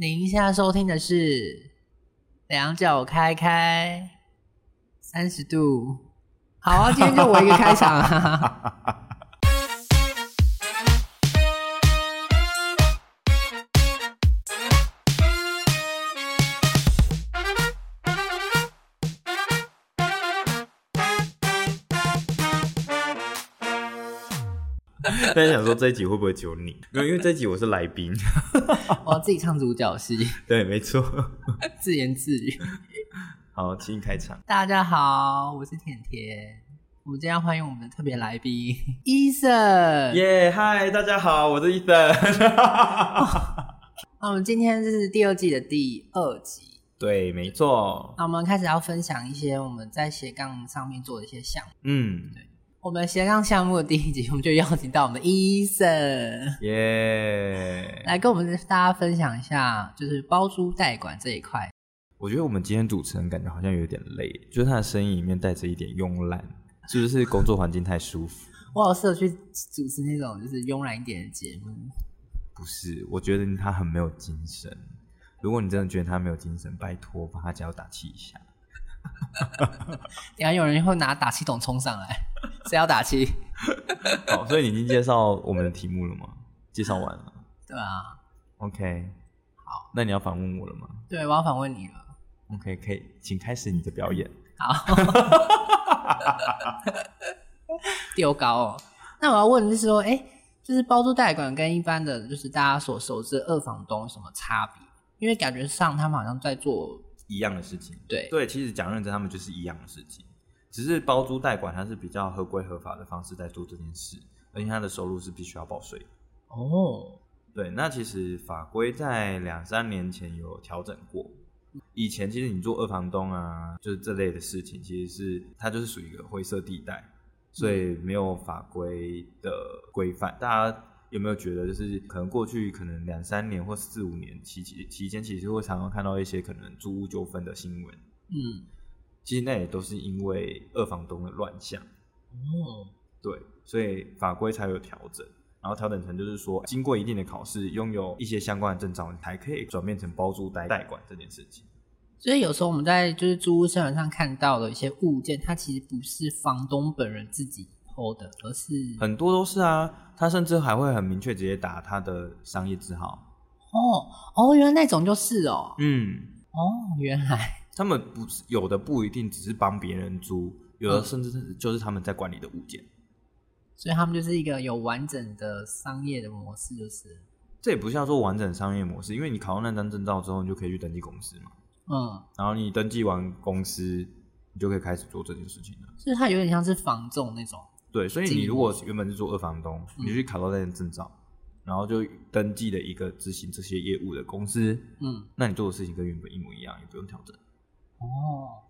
您現在收聽的是《兩腳開開三十度》，好啊，今天就我一個開場。哈哈哈哈。大家想說這一集會不會只有你？ 因為這一集我是來賓， 我要自己唱主角戲。對，沒錯， 自言自語。好，請你開場。大家好，我是甜甜。我們今天要歡迎我們的特別來賓 Ethan。耶，嗨，yeah，大家好，我是 Ethan。那 我們今天這是第二季的第二集。對，沒錯。那我們開始要分享一些我們在斜槓上面做的一些項目。嗯，我們斜槓項目的第一集，我們就邀請到我們的 Ethan。耶、yeah，來跟我們大家分享一下，就是包租代管這一塊。我覺得我們今天主持人感覺好像有點累，就是他的聲音裡面帶着一點慵懶，是、就、不是工作環境太舒服？ 我好適合去主持那種就是慵懶一點的節目。不是，我覺得他很沒有精神。如果你真的覺得他沒有精神，拜托幫他加油打氣一下。 等一下有人會拿打氣筒衝上來，誰要打氣？ 好，所以你已經介紹我們的題目了嗎？介紹完了。對啊。OK。好，那你要訪問我了嗎？對，我要訪問你了。OK，可以，請開始你的表演。好。丟 高哦。那我要問的是說，哎、欸，就是包租代管跟一般的就是大家所熟知的二房東有什麼差別？因為感覺上他們好像在做，一樣的事情，對對，對，其實講認真，他們就是一樣的事情，只是包租代管，它是比較合規合法的方式在做這件事，而且它的收入是必須要報稅。哦，對，那其實法規在兩三年前有調整過，以前其實你做二房東啊，就是這類的事情，其實是它就是屬於一個灰色地帶，所以沒有法規的規範，嗯，大家。有沒有覺得就是可能過去可能兩三年或四五年期期間，其實會常常看到一些可能租屋糾紛的新聞。嗯,其實那也都是因為二房東的亂象。哦，對，所以法規才有調整，然後調整成就是說，經過一定的考試，擁有一些相關的證照，你才可以轉變成包租代代管這件事情。所以有時候我們在就是租屋市場上看到的一些物件，它其實不是房東本人自己，哦，對，而是很多都是啊，他甚至還會很明確直接打他的商業字號。哦哦，原來那種就是哦，嗯哦，原來他們不是有的不一定只是幫別人租，有的甚至就是他們在管理的物件，嗯，所以他們就是一個有完整的商業的模式，就是這也不像說完整商業模式，因為你考到那張證照之後，你就可以去登記公司嘛，嗯，然後你登記完公司，你就可以開始做這件事情了，所以他有點像是房仲那種。對，所以你如果原本是做二房東，你就去考到那張證照，嗯，然後就登記了一個執行這些業務的公司。嗯，那你做的事情跟原本一模一樣，也不用調整。哦，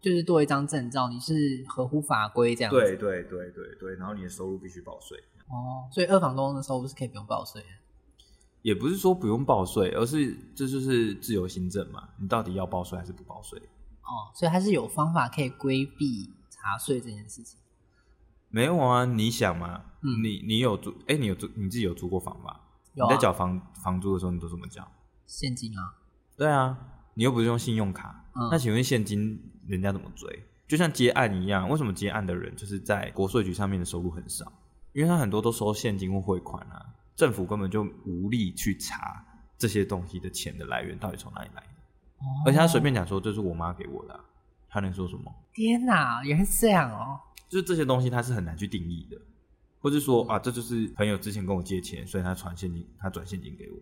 就是多一張證照，你是合乎法規這樣子。對對對對對，然後你的收入必須報稅。哦，所以二房東的收入是可以不用報稅？也不是說不用報稅，而是這就，就是自由行政嘛。你到底要報稅還是不報稅？哦，所以還是有方法可以規避查稅這件事情。沒有啊，你想嘛？嗯、你你有租？你有租，欸？你自己有租過房吧？啊？你在繳房房租的時候，你都怎麼繳？現金啊？對啊，你又不是用信用卡，嗯。那請問現金人家怎麼追？就像接案一樣，為什麼接案的人就是在國稅局上面的收入很少？因為他很多都收現金或匯款啊，政府根本就無力去查這些東西的錢的來源到底從哪裡來的。哦。而且他隨便講說這、就是我媽給我的，啊，他能說什麼？天哪、啊，原來是這樣哦！就這些東西，他是很難去定義的，或是說啊，這就是朋友之前跟我借錢，所以他傳現金，他轉現金給我，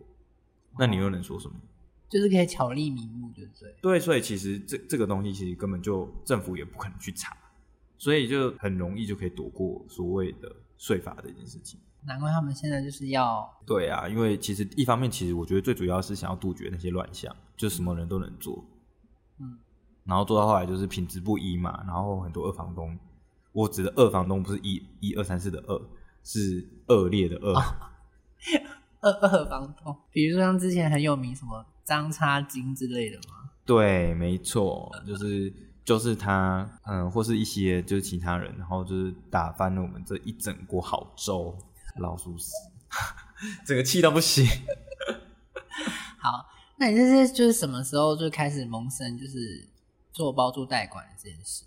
那你又能說什麼？哦，就是可以巧立名目，對不對？對，所以其實這這個東西，其實根本就政府也不可能去查，所以就很容易就可以躲過所謂的稅法的一件事情。難怪他們現在就是要對啊，因為其實一方面，其實我覺得最主要是想要杜絕那些亂象，就是什麼人都能做，嗯，然後做到後來就是品質不一嘛，然後很多二房東。我指的二房東不是一一二三四的二，是惡劣的惡、哦。二二房東，比如說像之前很有名什麼張叉金之類的嗎？對，沒錯，就是就是他，嗯，或是一些就是其他人，然後就是打翻了我們這一整鍋好粥，老鼠屎，整個氣到不行。 好，那你這是就是什麼時候就開始萌生就是做包租代管這件事？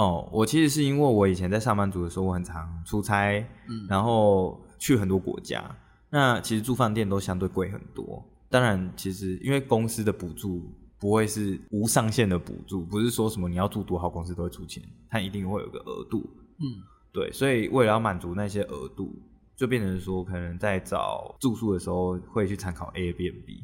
哦，我其實是因為我以前在上班族的時候，我很常出差，嗯，然後去很多國家，那其實住飯店都相對貴很多。當然，其實因為公司的補助不會是無上限的補助，不是說什麼你要住多好，公司都會出錢，它一定會有個額度，嗯，對。所以為了要滿足那些額度，就變成說可能在找住宿的時候會去參考 Airbnb。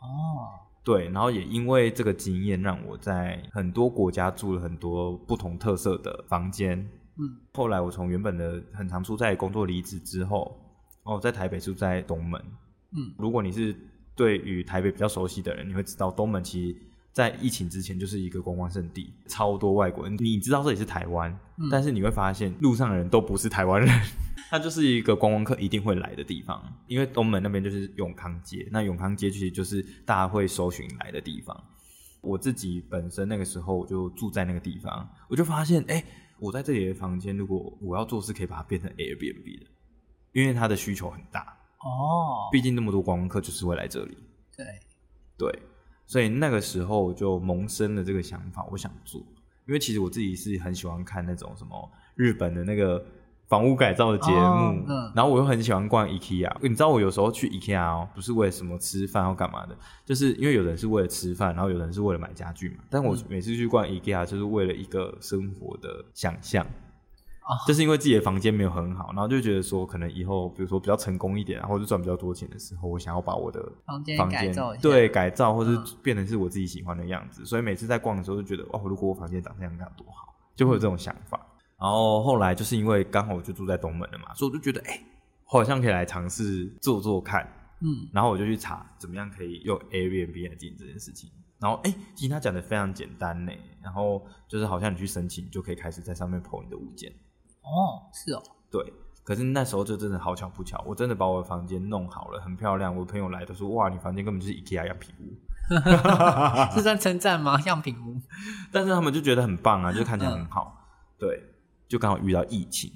哦。對，然後也因為這個經驗，讓我在很多國家住了很多不同特色的房間。嗯，後來我從原本的很常出差的工作離職之後，哦，在台北住在東門。嗯，如果你是對於台北比較熟悉的人，你會知道東門其實在疫情之前就是一個觀光聖地，超多外國人。你知道這裡是台灣，嗯，但是你會發現路上的人都不是台灣人。它就是一個觀光客一定會來的地方，因為東門那邊就是永康街，那永康街其實就是大家會搜尋來的地方。我自己本身那個時候我就住在那個地方，我就發現，哎、欸，我在這裡的房間，如果我要做，是可以把它變成 Airbnb 的，因為它的需求很大哦。Oh, 畢竟那麼多觀光客就是會來這裡。對，對，所以那個時候我就萌生了這個想法，我想做，因為其實我自己是很喜歡看那種什麼日本的那個。房屋改造的節目，oh, okay. 然後我又很喜歡逛 IKEA。你知道我有時候去 IKEA、喔，不是為了什麼吃飯或幹嘛的，就是因為有人是為了吃飯，然後有人是為了買傢具嘛。但我每次去逛 IKEA，就是為了一個生活的想象。Oh. 就是因為自己的房間沒有很好，然後就覺得說，可能以後比如說比較成功一點，然後就賺比較多錢的時候，我想要把我的房間改造一下，對，改造，或是變成是我自己喜歡的樣子。Oh. 所以每次在逛的時候，就覺得哇、哦，如果我房間長這樣那樣多好，就會有這種想法。然後後來就是因為剛好我就住在東門了嘛，所以我就覺得哎，好像可以來嘗試做做看，嗯，然後我就去查怎麼樣可以用 Airbnb 來經營這件事情。然後哎、欸，其實他講的非常簡單呢，然後就是好像你去申請你就可以開始在上面鋪你的物件。哦，是哦，對。可是那時候就真的好巧不巧，我真的把我的房間弄好了，很漂亮。我朋友來都說，哇，你房間根本就是 IKEA 樣品屋。 是哈哈哈！這算稱讚嗎？樣品屋？但是他們就覺得很棒啊，就看起來很好，嗯、對。就剛好遇到疫情，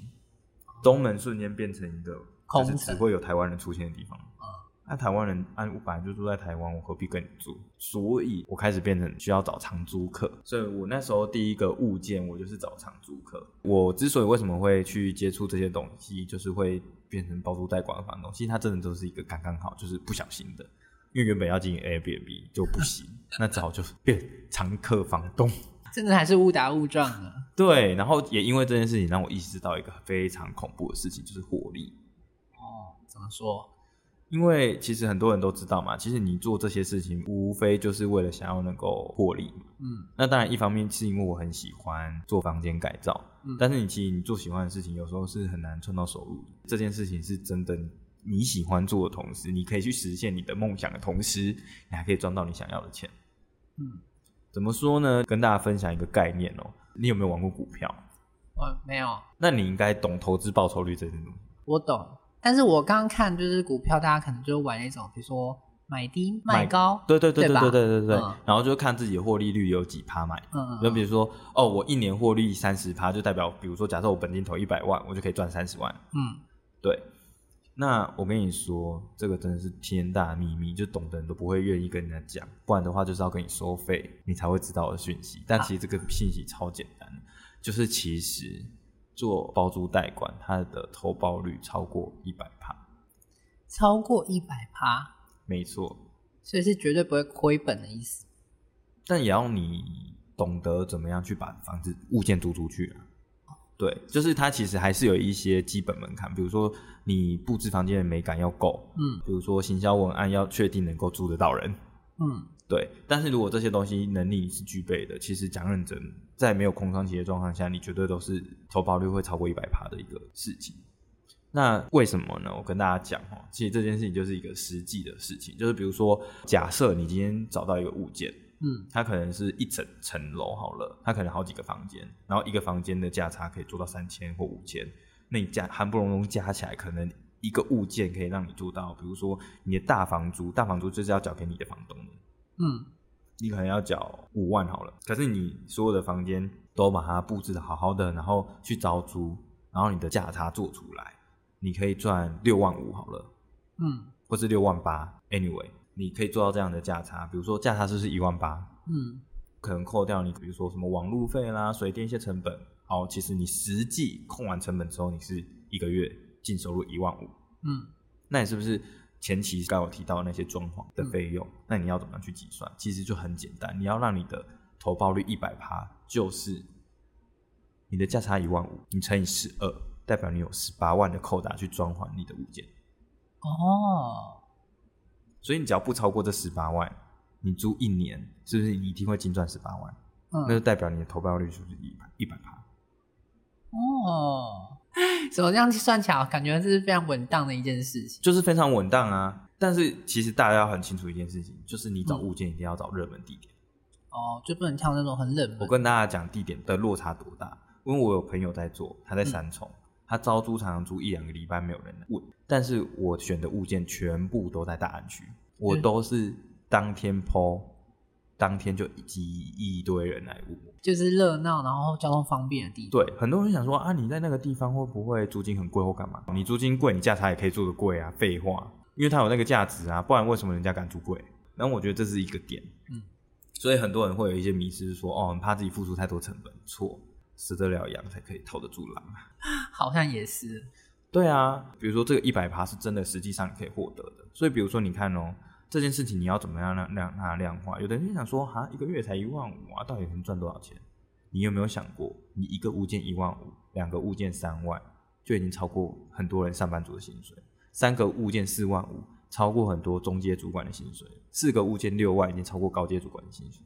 東門瞬間變成一個，空是會有台灣人出現的地方。啊，那台灣人，按本來就住在台灣，我何必跟你住？所以我開始變成需要找長租客，所以我那時候第一個物件我就是找長租客。我之所以為什麼會去接觸這些東西，就是會變成包租代管的房東。其實他真的就是一個剛剛好，就是不小心的，因為原本要經營 Airbnb 就不行， 那只好就變長客房東。甚至還是誤打誤撞的、啊。對，然後也因為這件事情讓我意識到一個非常恐怖的事情，就是獲利。哦，怎麼說？因為其實很多人都知道嘛，其實你做這些事情，無非就是為了想要能夠獲利。嗯，那當然一方面是因為我很喜歡做房間改造，嗯、但是你其實你做喜歡的事情，有時候是很難賺到收入。這件事情是真的，你喜歡做的同時，你可以去實現你的夢想的同時，你還可以賺到你想要的錢。嗯。怎麼說呢？跟大家分享一個概念哦、喔。你有沒有玩過股票？我、嗯、沒有。那你應該懂投資報酬率這些東西。我懂，但是我剛剛看就是股票，大家可能就玩那種，比如說買低買賣高，對對對對對對吧對對，對，對，對、嗯，然後就看自己獲利率有幾趴嘛。嗯嗯，嗯。就比如說，哦，我一年獲利三十趴，就代表，比如說，假設我本金投一百萬，我就可以賺三十萬。嗯，對。那我跟你說，這個真的是天大秘密，就懂得人都不會願意跟人家講，不然的話就是要跟你收費，你才會知道我的訊息。但其實這個訊息超簡單，啊，就是其實做包租代管，它的投報率超過一百趴，超過一百趴，沒錯，所以是絕對不會虧本的意思。但也要你懂得怎麼樣去把房子物件租出去啊。對，就是它其實還是有一些基本門檻，比如說。你佈置房間的美感要夠，嗯，比如說行銷文案要確定能夠住得到人，嗯，對。但是如果這些東西能力你是具備的，其實講認真，在沒有空窗期的狀況下，你絕對都是投保率會超過一百趴的一個事情。那為什麼呢？我跟大家講，其實這件事情就是一個實際的事情，就是比如說，假設你今天找到一個物件，嗯，它可能是一整層樓好了，它可能好幾個房間，然後一個房間的價差可以做到三千或五千。那你加含不攏攏加起來，可能一個物件可以讓你做到，比如說你的大房租，大房租就是要交給你的房東的。嗯，你可能要繳五萬好了，可是你所有的房間都把它布置的好好的，然後去招租，然後你的價差做出來，你可以賺六萬五好了，嗯，或是六萬八。Anyway，你可以做到這樣的價差，比如說價差就是一萬八，嗯，可能扣掉你比如說什麼網路費啦、水電一些成本。哦，其實你實際控完成本之後，你是一個月淨收入一萬五，嗯，那你是不是前期剛有提到那些裝潢的費用，嗯？那你要怎麼樣去計算？其實就很簡單，你要讓你的投報率一百趴，就是你的價差一萬五，你乘以十二，代表你有十八萬的扣打去裝潢你的物件。哦，所以你只要不超過這十八萬，你租一年是不是你一定會淨賺十八萬？嗯，那就代表你的投報率是不是一百一百趴。哦，怎麼這樣算起來，感覺這是非常穩當的一件事情，就是非常穩當啊。但是其實大家要很清楚一件事情，就是你找物件一定要找熱門地點、嗯。哦，就不能挑那種很冷門。我跟大家講地點的落差多大，因為我有朋友在做，他在三重、嗯，他招租常常租一兩個禮拜沒有人問，但是我選的物件全部都在大安區，我都是當天 po、嗯。當天就擠一,一,一堆人來，就是熱鬧，然後交通方便的地方。對，很多人想說啊，你在那個地方會不會租金很貴或幹嘛？你租金貴，你價差也可以做得貴啊。廢話，因為它有那個價值啊，不然為什麼人家敢租貴？那我覺得這是一個點。嗯。所以很多人會有一些迷思，說哦，很怕自己付出太多成本。錯，吃得了羊才可以套得住狼啊。好像也是。對啊，比如說這個一百趴是真的，實際上你可以獲得的。所以比如說你看哦。這件事情你要怎麼樣量量那量化？有的人就想說哈，一個月才一萬五啊，到底能賺多少錢？你有沒有想過，你一個物件一萬五，兩個物件三萬，就已經超過很多人上班族的薪水；三個物件四萬五，超過很多中階主管的薪水；四個物件六萬，已經超過高階主管的薪水。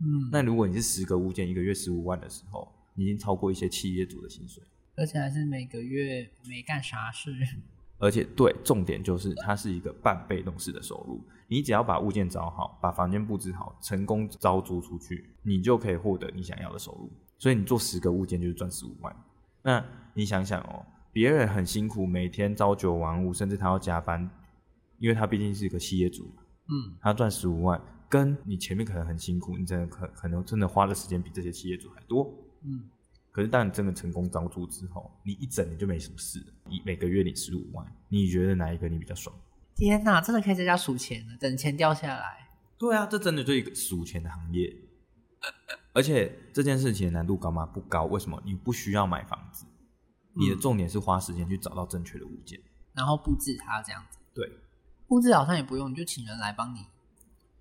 嗯，那如果你是十個物件，一個月十五萬的時候，你已經超過一些企業主的薪水，而且還是每個月沒幹啥事。嗯而且對，重點就是它是一個半被動式的收入。你只要把物件找好，把房間布置好，成功招租出去，你就可以獲得你想要的收入。所以你做十個物件就是賺十五萬。那你想想哦，別人很辛苦，每天朝九晚五，甚至他要加班，因為他畢竟是一個企業主。嗯，他賺十五萬，跟你前面可能很辛苦，你真的可可能真的花的時間比這些企業主還多。嗯。可是，當你真的成功招租之後，你一整年就沒什麼事了。你每個月你十五萬，你覺得哪一個你比較爽？天哪、啊，真的可以在家數錢，等錢掉下來。對啊，這真的就是一個數錢的行業、呃呃。而且這件事情的難度高嗎？不高。為什麼？你不需要買房子，嗯、你的重點是花時間去找到正確的物件，然後布置它這樣子。對，布置好像也不用，你就請人來幫你。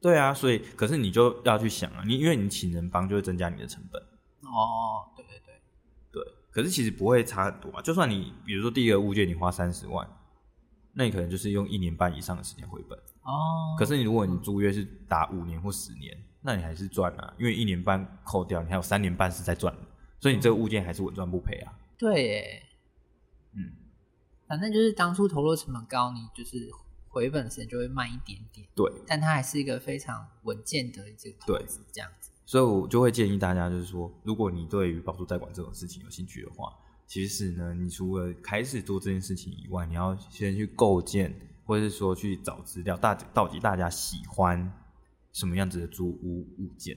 對啊，所以可是你就要去想啊，你因為你請人幫就會增加你的成本。哦，對對對。可是其實不會差很多啊，就算你比如說第一個物件你花三十萬，那你可能就是用一年半以上的時間回本哦。可是你如果你租約是打五年或十年，那你還是賺啊，因為一年半扣掉，你還有三年半是在賺，所以你這個物件還是穩賺不賠啊。對、欸，嗯，反正就是當初投入成本高，你就是回本時間就會慢一點點。對，但它還是一個非常穩健的一個投資這樣。對。所以，我就會建議大家，就是說，如果你對於包租代管這種事情有興趣的話，其實呢，你除了開始做這件事情以外，你要先去構建，或者是說去找資料，大到底大家喜歡什麼樣子的租屋物件？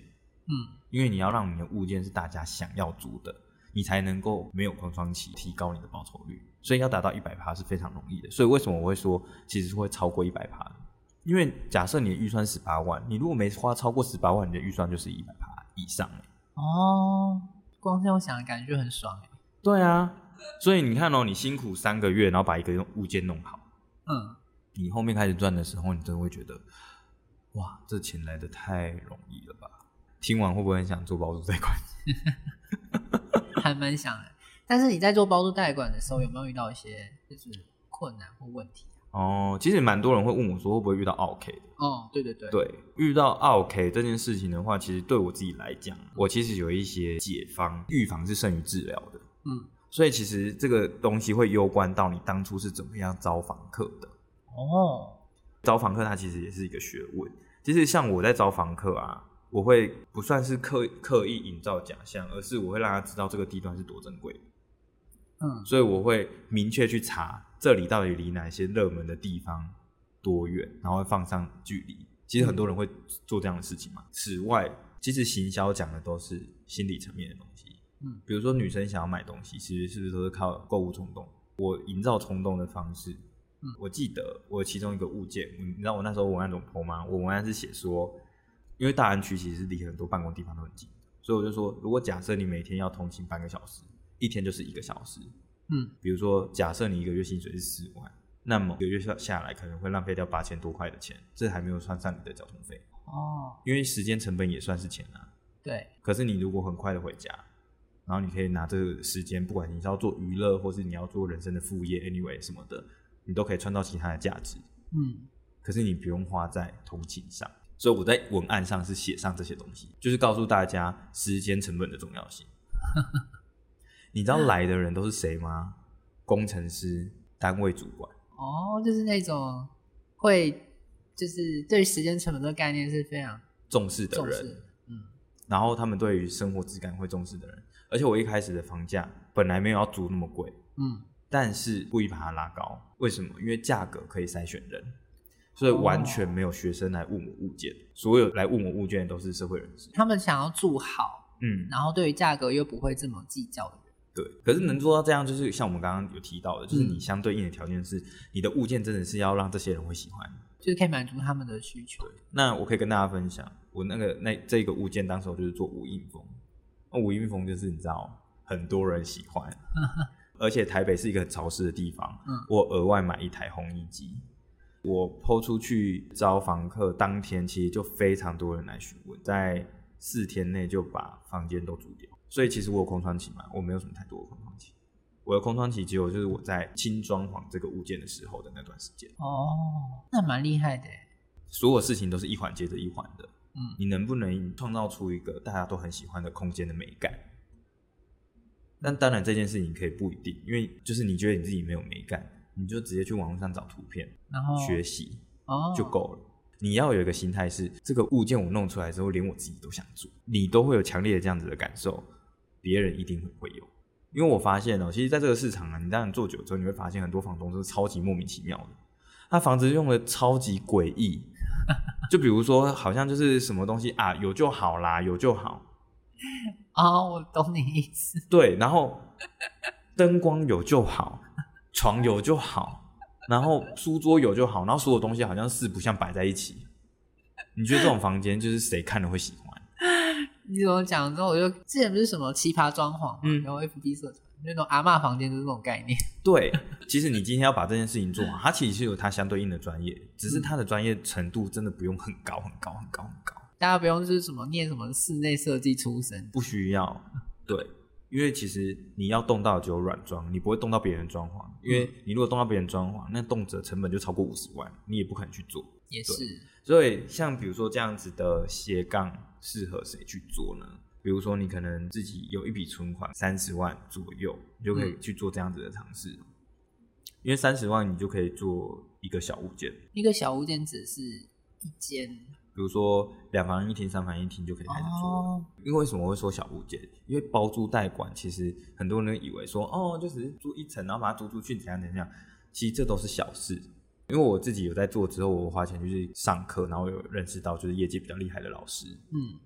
嗯，因為你要讓你的物件是大家想要租的，你才能夠沒有空窗期，提高你的報酬率。所以，要達到一百趴是非常容易的。所以，為什麼我會說，其實是會超過一百趴的？因為假設你的預算十八萬，你如果沒花超過十八萬，你的預算就是一百趴以上了。哦，光這樣想的感覺就很爽。對啊，所以你看哦、喔，你辛苦三個月，然後把一個用物件弄好，嗯，你後面開始賺的時候，你真的會覺得，哇，這錢來的太容易了吧？聽完會不會很想做包租代管？ 還蠻想的。但是你在做包租代管的時候，有沒有遇到一些就是困難或問題？哦，其實蠻多人會問我說，會不會遇到奧客的哦？對對對，對，遇到奧客這件事情的話，其實對我自己來講、嗯，我其實有一些解方，預防是勝於治療的，嗯，所以其實這個東西會攸關到你當初是怎麼樣招房客的哦。招房客它其實也是一個學問，其實像我在招房客啊，我會不算是刻刻意營造假象，而是我會讓他知道這個地段是多珍貴，嗯，所以我會明確去查。這裡到底離哪些熱門的地方多遠？然後會放上距離，其實很多人會做這樣的事情嘛。此外，其實行銷講的都是心理層面的東西。嗯，比如說女生想要買東西，其實是不是都是靠購物衝動？我營造衝動的方式。嗯，我記得我有其中一個物件，你知道我那時候文案怎麼 PO 嗎？我文案是寫說，因為大安區其實是離很多辦公地方都很近，所以我就說，如果假設你每天要通勤半個小時，一天就是一個小時。嗯，比如說，假設你一個月薪水是十萬，那麼一個月下來可能會浪費掉八千多塊的錢，這還沒有算上你的交通費哦。因為時間成本也算是錢啊。對。可是你如果很快的回家，然後你可以拿這個時間，不管你是要做娛樂，或是你要做人生的副業，anyway 什麼的，你都可以創造其他的價值。嗯。可是你不用花在通勤上，所以我在文案上是寫上這些東西，就是告訴大家時間成本的重要性。呵呵你知道來的人都是誰？嗎？嗯，工程師、單位主管。哦，就是那種會，就是對時間成本的概念是非常重視的人。重視。嗯。然後他們對於生活質感會重視的人，而且我一開始的房價本來沒有要租那麼貴。嗯。但是故意把它拉高，為什麼？因為價格可以篩選人，所以完全沒有學生來問我物件。哦，所有來問我物件都是社會人士。他們想要住好，嗯，然後對於價格又不會這麼計較的人。對，可是能做到這樣，就是像我們剛剛有提到的，嗯，就是你相對應的條件是，你的物件真的是要讓這些人會喜歡，就是可以滿足他們的需求。對，那我可以跟大家分享，我那個那這個物件，當時我就是做無印風，哦、無印風就是你知道、哦，很多人喜歡， 而且台北是一個很潮濕的地方，我額外買一台烘衣機，我拋出去招房客，當天其實就非常多人來詢問，在四天內就把房間都租掉。所以其實我有空窗期嘛，我沒有什麼太多的空窗期。我的空窗期只有就是我在輕裝潢這個物件的時候的那段時間。哦，那蠻厲害的。所有事情都是一環接着一環的。嗯，你能不能創造出一個大家都很喜歡的空間的美感？但當然這件事情可以不一定，因為就是你覺得你自己沒有美感，你就直接去網絡上找圖片，然後學習哦就夠了。你要有一個心態是，這個物件我弄出來之後，連我自己都想做，你都會有強烈的這樣子的感受。別人一定會有，因為我發現哦，其實，在這個市場啊，你這樣做久之後，你會發現很多房東都是超級莫名其妙的。他房子用的超級詭異，就比如說，好像就是什麼東西啊，有就好啦，有就好。啊、哦，我懂你意思。對，然後燈光有就好，床有就好，然後書桌有就好，然後所有東西好像四不像擺在一起。你覺得這種房間，就是誰看了會喜歡？你怎麼講？之後我就之前不是什麼奇葩裝潢，然後 F B 社團，那種阿嬤房間，就是這種概念。對，其實你今天要把這件事情做好，它 其實是有它相對應的專業，只是它的專業程度真的不用很高很高很高很高。大家不用是什麼念什麼室內設計出身，不需要。對，因為其實你要動到只有軟裝，你不會動到別人裝潢因，因為你如果動到別人裝潢，那動輒成本就超過五十萬，你也不可能去做。也是，所以像比如說這樣子的斜槓適合誰去做呢？比如說你可能自己有一筆存款三十萬左右，你就可以去做這樣子的嘗試，嗯。因為三十萬你就可以做一個小物件。一個小物件只是一間，比如說兩房一廳、三房一廳就可以開始做，哦。因為為什麼我會說小物件？因為包租代管，其實很多人以為說哦，就只是租一層，然後把它租出去怎樣怎樣，其實這都是小事。因為我自己有在做之後，我花錢就是上課，然後有認識到就是業界比較厲害的老師。嗯，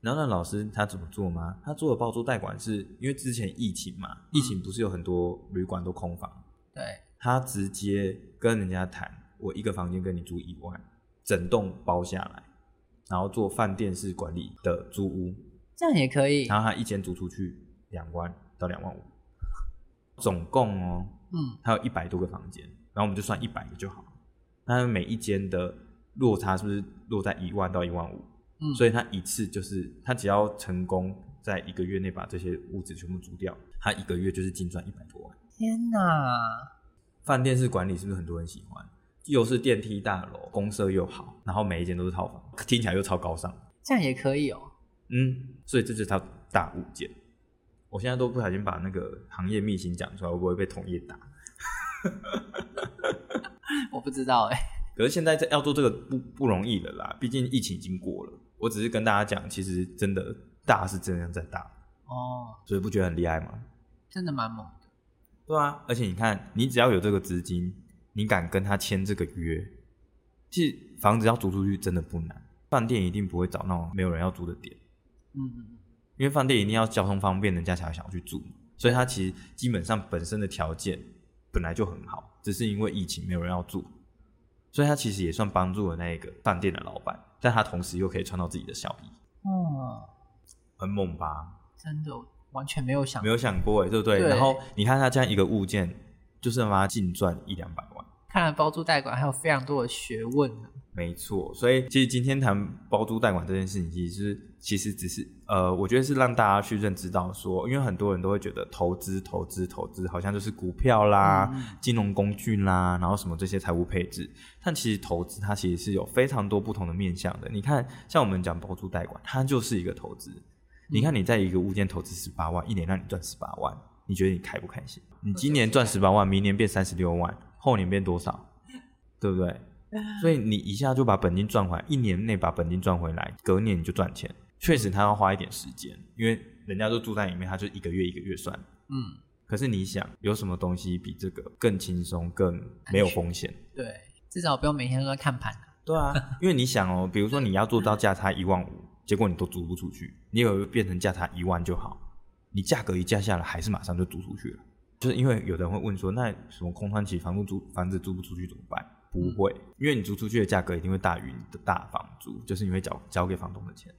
然後那老師他怎麼做嗎？他做的包租代管是因為之前疫情嘛，疫情不是有很多旅館都空房。對、嗯，他直接跟人家談，我一個房間跟你租一萬，整棟包下來，然後做飯店式管理的租屋，這樣也可以。然後他一間租出去兩萬到兩萬五，總共哦、喔，嗯，他有一百多個房間。然後我們就算一百個就好，那每一間的落差是不是落在一萬到一萬五？嗯，所以他一次就是他只要成功在一個月內把這些屋子全部租掉，他一個月就是淨賺一百多萬。天哪！飯店式管理是不是很多人喜歡？又是電梯大樓，公設又好，然後每一間都是套房，聽起來又超高尚，這樣也可以哦。嗯，所以這就是他大物件。我現在都不小心把那個行業秘辛講出來，會不會被同業打？ 我不知道哎、欸，可是現在在要做這個不不容易了啦，畢竟疫情已經過了。我只是跟大家講，其實真的大是真的在大哦，所以不覺得很厲害嗎？真的蠻猛的。對啊，而且你看，你只要有這個資金，你敢跟他簽這個約，其實房子要租出去真的不難。飯店一定不會找那種沒有人要租的點，嗯，因為飯店一定要交通方便，人家才會想要去住。所以他其實基本上本身的條件本來就很好，只是因為疫情沒有人要住，所以他其實也算幫助了那一個飯店的老板，但他同時又可以賺到自己的效益。嗯，很猛吧？真的完全沒有想過，沒有想過哎，對不對,對？然後你看他這樣一個物件，就是讓他淨賺一兩百萬，看來包租代管還有非常多的學問、啊、沒錯，所以其實今天談包租代管這件事情，其實、就是、其實只是。呃，我覺得是讓大家去認知到說，說因為很多人都會覺得投資、投資、投資，好像就是股票啦、金融工具啦，然後什麼這些財務配置。但其實投資它其實是有非常多不同的面向的。你看，像我們講包租代管，它就是一個投資。你看，你在一個物件投資十八萬，一年讓你賺十八萬，你覺得你開不開心？你今年賺十八萬，明年變三十六萬，後年變多少？對不對？所以你一下就把本金賺回來，一年內把本金賺回來，隔年你就賺錢。確實，他要花一點時間，因為人家都住在裡面，他就一個月一個月算。嗯。可是你想，有什麼東西比這個更輕鬆、更沒有風險？對，至少不用每天都在看盤啊。對啊， 因為你想哦，比如說你要做到價差一萬五，結果你都租不出去，你有，沒有變成價差一萬就好。你價格一降下來，還是馬上就租出去了。就是因為有人會問說：“那什麼空窗期房子，房租房子租不出去怎麼辦？”不、嗯、會，因為你租出去的價格一定會大於你的大房租，就是你會交交給房東的錢。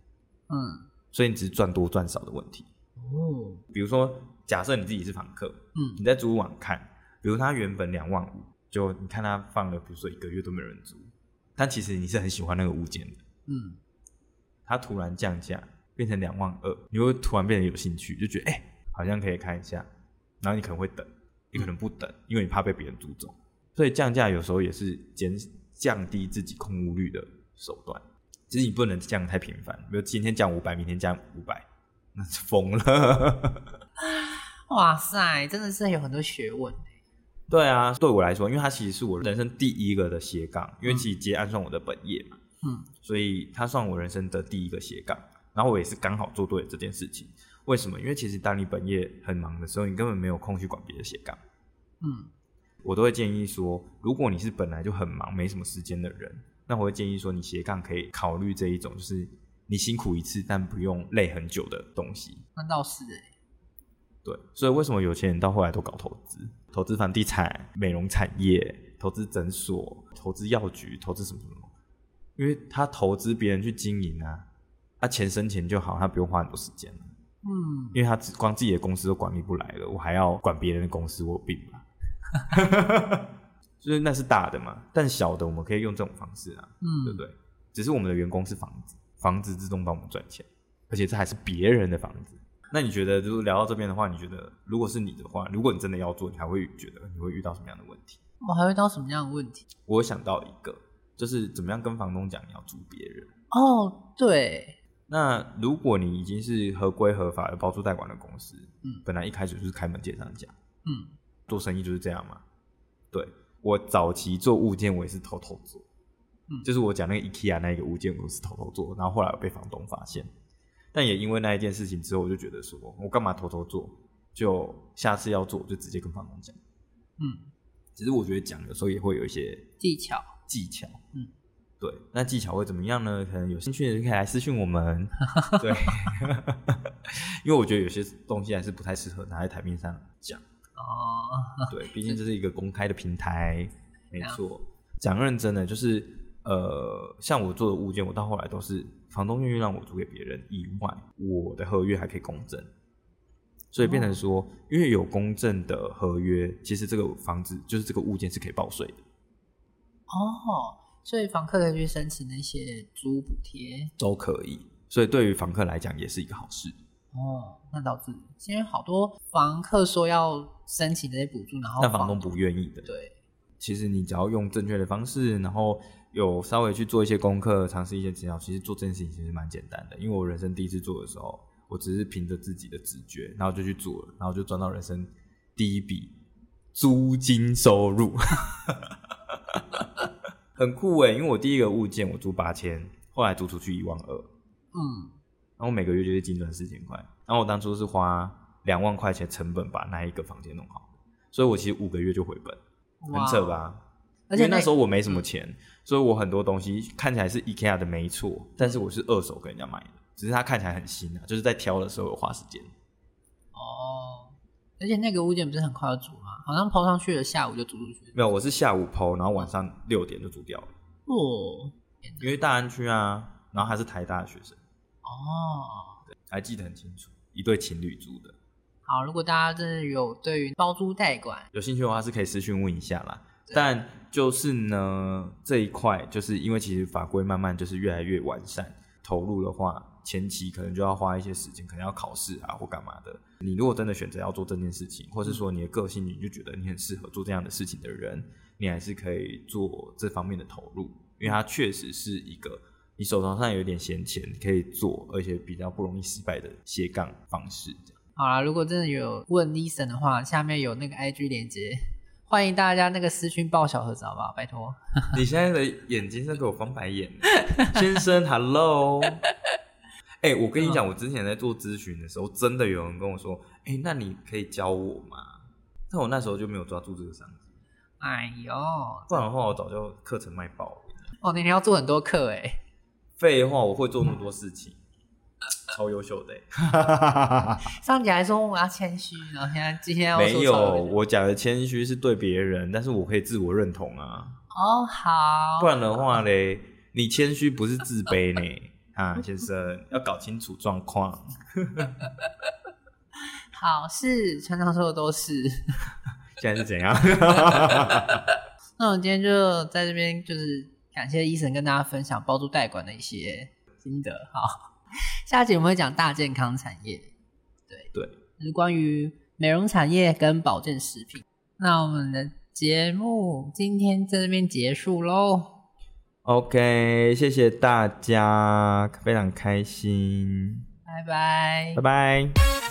嗯，所以你只是賺多賺少的問題哦。比如說，假設你自己是房客，嗯，你在租屋網看，比如他原本兩萬五，就你看他放了，比如說一個月都沒人租，但其實你是很喜歡那個物件的，嗯，他突然降價變成兩萬二，你會突然變得有興趣，就覺得哎、欸，好像可以看一下，然後你可能會等，也可能不等、嗯，因為你怕被別人租走，所以降價有時候也是減降低自己空屋率的手段。其實你不能降太頻繁，沒有今天降五百，明天降五百，那是瘋了。 哇塞，真的是有很多學問誒。對啊，對我來說，因為它其實是我人生第一個的斜槓，因為其實接案算我的本業嘛，嗯，所以他算我人生的第一個斜槓。然後我也是剛好做對了這件事情，為什麼？因為其實當你本業很忙的時候，你根本沒有空去管別的斜槓。嗯，我都會建議說，如果你是本來就很忙，沒什麼時間的人。那我會建議說，你斜槓可以考慮這一種，就是你辛苦一次，但不用累很久的東西。那倒是對，所以為什麼有錢人到後來都搞投資？投資房地產、美容產業、投資診所、投資藥局、投資什麼什麼？因為他投資別人去經營啊，他錢生錢就好，他不用花很多時間了。嗯，因為他只光自己的公司都管理不來了，我還要管別人的公司，我有病吧。 就是那是大的嘛，但小的我們可以用這種方式啊，嗯，對不對？只是我們的員工是房子，房子自動幫我們賺錢，而且這還是別人的房子。那你覺得，就是聊到這邊的話，你覺得如果是你的話，如果你真的要做，你還會覺得你會遇到什麼樣的問題？我還會遇到什麼樣的問題？我想到一個，就是怎麼樣跟房東講你要租別人？哦，對。那如果你已經是合規合法的包租代管的公司，嗯，本來一開始就是開門見山講，嗯，做生意就是這樣嘛，對。我早期做物件，我也是偷偷做，嗯，就是我講那個 IKEA 那個物件，我是偷偷做，然後後來我被房東發現，但也因為那一件事情之後，我就覺得說，我幹嘛偷偷做？就下次要做，就直接跟房東講，嗯。其實我覺得講有時候也會有一些技巧，技巧，嗯，對。那技巧會怎麼樣呢？可能有興趣的人可以來私訊我們， 對， 因為我覺得有些東西還是不太適合拿在台面上講。哦，對，畢竟這是一個公開的平台，沒錯。講認真的，就是呃，像我做的物件，我到後來都是房東願意讓我租給別人，以外，我的合約還可以公證，所以變成說，哦、因為有公證的合約，其實這個房子就是這個物件是可以報稅的。哦，所以房客可以去申請那些租補貼，都可以。所以對於房客來講，也是一個好事。哦，那倒是。現在好多房客說要申請這些補助，然後但房、房東不願意的。對，其實你只要用正確的方式，然後有稍微去做一些功課，嘗試一些技巧，其實做這件事情其實蠻簡單的。因為我人生第一次做的時候，我只是憑着自己的直覺，然後就去做了，然後就賺到人生第一筆租金收入， 很酷耶！因為我第一個物件我租八千，後來租出去一萬二，嗯。然後每個月就是淨賺四千塊。然後我當初是花兩萬塊錢成本把那一個房間弄好，所以我其實五個月就回本，很扯吧、啊？因為那時候我沒什麼錢、嗯，所以我很多東西看起來是 IKEA 的沒錯，但是我是二手跟人家買的，只是它看起來很新啊，就是在挑的時候有花時間。哦，而且那個物件不是很快要租嗎？好像拋上去了，下午就租出去？沒有，我是下午拋，然後晚上六點就租掉了。哦，因為大安區啊，然後還是台大的學生。哦，對，還記得很清楚，一對情侶租的。好，如果大家真的有對於包租代管有興趣的話，是可以私訊問一下啦。但就是呢，這一塊就是因為其實法規慢慢就是越來越完善，投入的話前期可能就要花一些時間，可能要考試啊或幹嘛的。你如果真的選擇要做這件事情，或是說你的個性你就覺得你很適合做這樣的事情的人，你還是可以做這方面的投入，因為它確實是一個。你手頭上有一點閒錢，可以做，而且比較不容易失敗的斜槓方式。好啦，如果真的有問 Ethan 的話，下面有那個 IG 鏈接，歡迎大家那個私訊報小盒子好不好？拜托。你現在的眼睛是給我翻白眼， 先生 ，Hello。 哎、欸，我跟你講，我之前在做諮詢的時候，真的有人跟我說：“哎、oh. 欸，那你可以教我嗎？”但我那時候就沒有抓住這個商機。哎呦，不然的話，我早就課程賣爆了。哦，那天要做很多課、欸，哎。廢話，我會做那麼多事情，嗯、超優秀的。 上次還說我要謙虛，然後現在今天要我沒有，我講的謙虛是對別人，但是我可以自我認同啊。哦，好，不然的話嘞，你謙虛不是自卑呢 啊，先生要搞清楚狀況。 好，是船長說的都是。 現在是怎樣？ 那我今天就在這邊，就是。感謝 Ethan 跟大家分享包租代管的一些心得。好，下集我們會講大健康產業，對對，就是關於美容產業跟保健食品。那我們的節目今天在這邊結束嘍。OK，謝謝大家，非常開心。拜拜，拜拜。